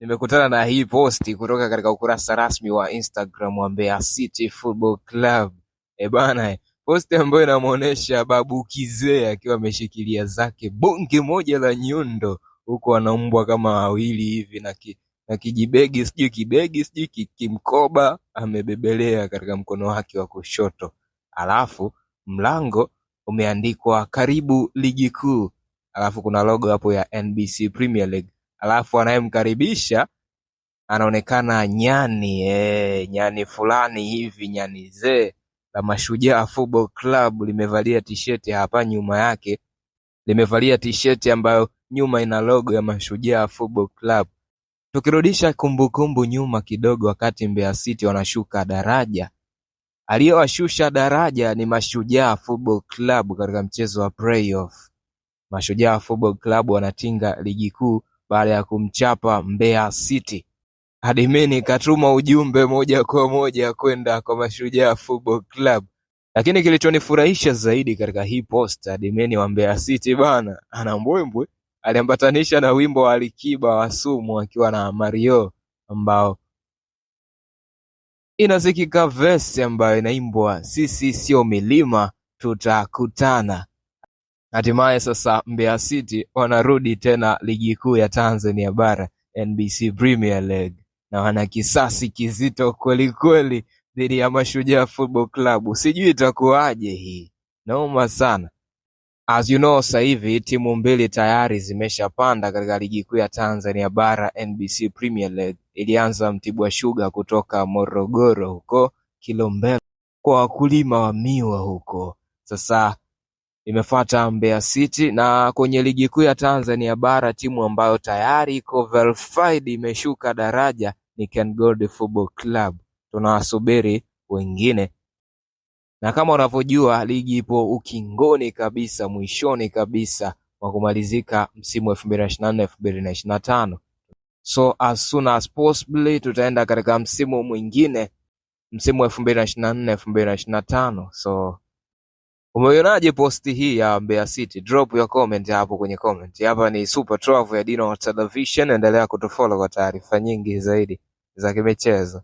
Nimekutana na hii posti kutoka katika ukurasa rasmi wa Instagram wa Mbeya City Football Club. E bana, posti ambayo inamwonyesha Babu Kizee akiwa ameshikilia zake bonge moja la nyundo, huku anaumbwa kama wawili hivi na ki, na kijibegi sijui kibegi sijui kimkoba amebebelea katika mkono wake wa kushoto, alafu mlango umeandikwa karibu ligi kuu, alafu kuna logo hapo ya NBC Premier League alafu anayemkaribisha anaonekana nyani eh, nyani fulani hivi nyani zee la Mashujaa Football Club limevalia tisheti hapa nyuma yake, limevalia tisheti ambayo nyuma ina logo ya Mashujaa Football Club. Tukirudisha kumbukumbu kumbu nyuma kidogo, wakati Mbeya City wanashuka daraja, aliyowashusha daraja ni Mashujaa Football Club katika mchezo wa playoff. Mashujaa Football Club wanatinga ligi kuu baada ya kumchapa Mbeya City. Admin katuma ujumbe moja kwa moja kwenda kwa Mashujaa Football Club. Lakini kilichonifurahisha zaidi katika hii post, admin wa Mbeya City bana ana mbwembwe, aliambatanisha na wimbo wa Alikiba wa Sumu akiwa na Mario ambao inasikika verse ambayo inaimbwa sisi sio milima tutakutana hatimaye sasa mbeya city wanarudi tena ligi kuu ya tanzania bara nbc premier league na wana kisasi kizito kwelikweli dhidi ya mashujaa football club sijui itakuwaje hii nauma sana As you know, sasa hivi timu mbili tayari zimeshapanda katika ligi kuu ya Tanzania bara NBC Premier League. Ilianza Mtibwa Sugar kutoka Morogoro huko Kilombero, kwa wakulima wa miwa huko. Sasa imefata Mbeya City na kwenye ligi kuu ya Tanzania bara timu ambayo tayari iko verified imeshuka daraja ni Gold Football Club. Tunawasubiri wengine, na kama unavyojua ligi ipo ukingoni kabisa, mwishoni kabisa wa kumalizika msimu 2024 2025. So as soon as possible tutaenda katika msimu mwingine, msimu 2024 2025. So Umeionaje posti hii ya Mbeya City drop your comment hapo kwenye comment. Hapa ni Super Trove ya Dino Television, endelea kutufollow kwa taarifa nyingi zaidi za kimichezo.